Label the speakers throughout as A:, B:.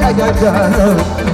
A: la la la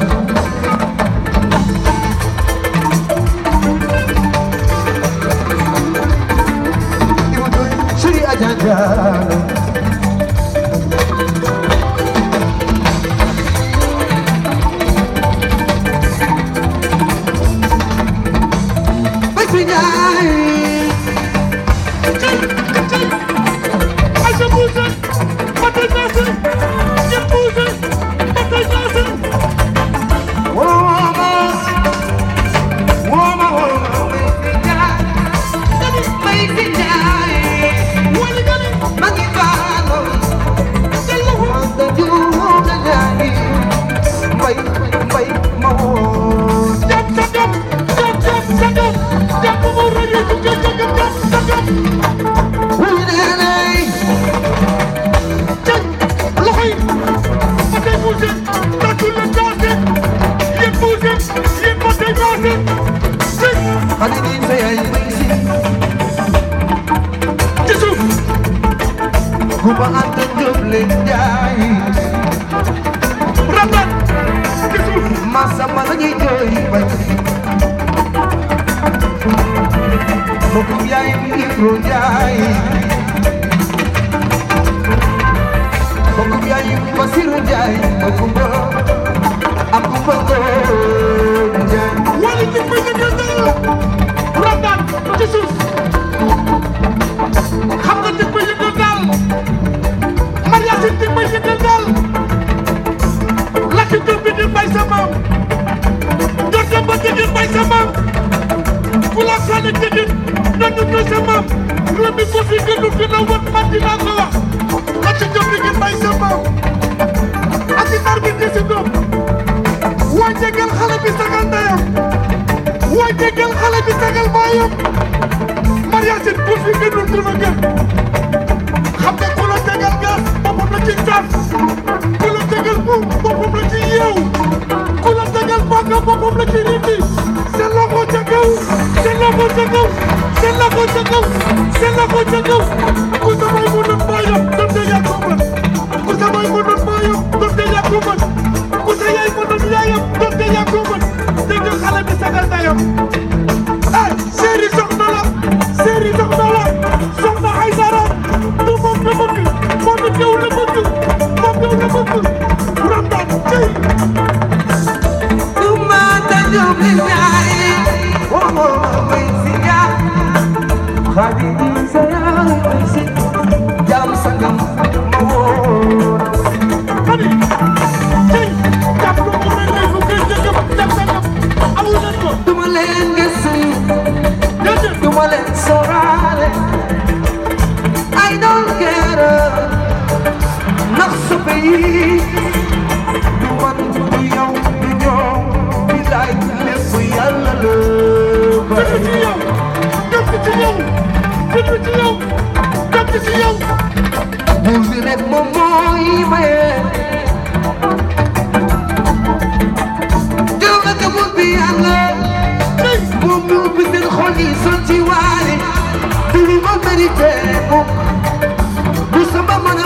A: poussé dans tout le passé. J'ai poussé, j'ai passé, passé. Adidine, c'est aïe, ici. Jésus. Kuma ate double jai. Rabat. Jésus. Masa masa ni joy bati. Mokubiai mi rojai. Firu Njaay ma kumba am kumba góor Njaay wala ci bëgg nga dara robaat ci suuf xam nga ci bëgg nga dal mariage ci bëgg nga dal lakk jur bi di bay sa maam jot sa bëgg di bay sa maam ku la sànni ci di nangu ko sa maam loolu ko fi gënu gën a wat man dinaa ko wax lakk jur bi di bay sa maam jéggal xale bi sagal ndeyam waay jéggal xale bi sagal baayam mariage bu fi gënul dina gën xam nga ku la tegal gas boppam la ci tas ku la tegal bu boppam la ci yeew ku la tegal bàgga boppam la ci rindi seen loxo ca kaw seen loxo ca kaw seen loxo ca kaw seen loxo ca kaw ku sa bay mu doon baayam doon dee yaa ko mën ku sa bay mu doon baayam doon dee yaa ko mën yaay mënul yaayam donte yaa ko mën dégg xale bi sagal dayam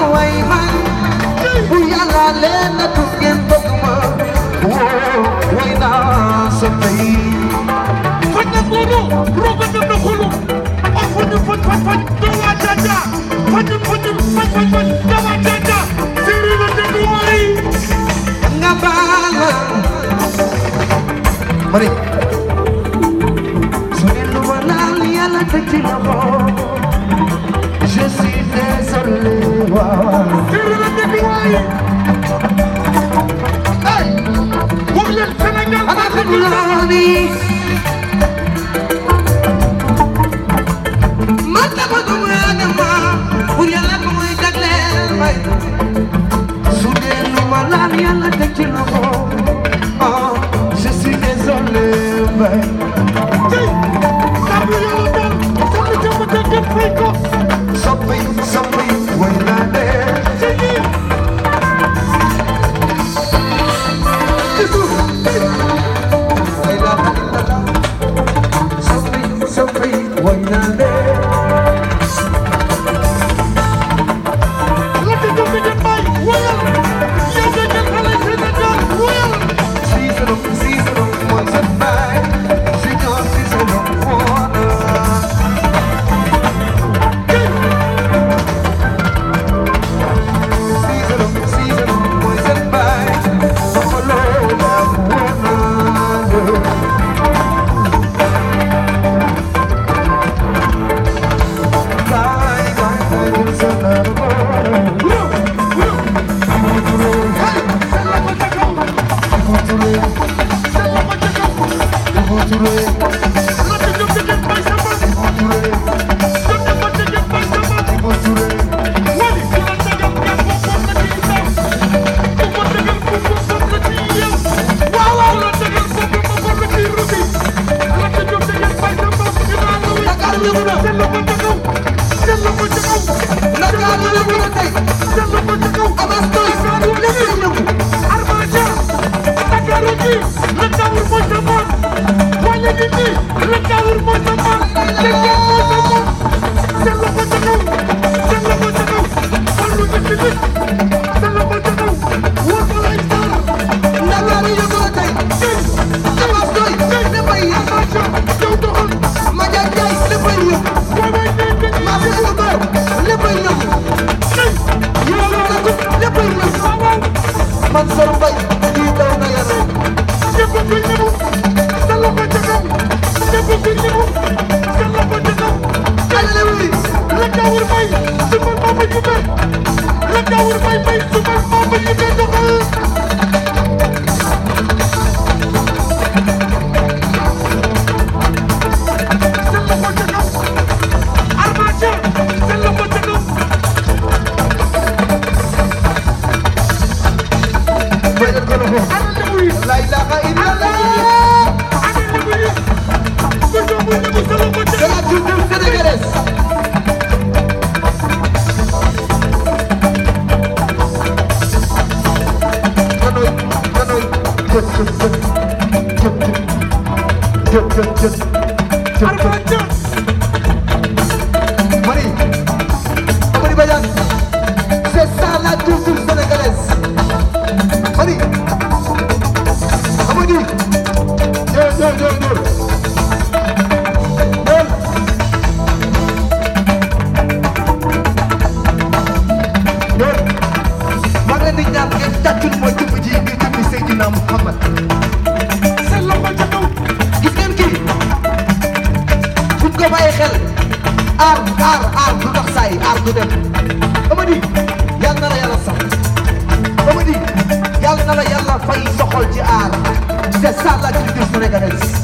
A: way man naa leen na tus ngeen bëgg ma woo way naa sama yi faj na góoru rooga dem na xolu a faj faj faj faj dawaa jaja faj faj faj faj faj dawaa jaja séeréer la dem waay nga baala mari su ne lu ma laal yàlla tëj ci la love me. Let's go! super la Daour Faye may super moo bañ ñu koy doxal لا إله إلا الله Armancım. aar c'est ça la culture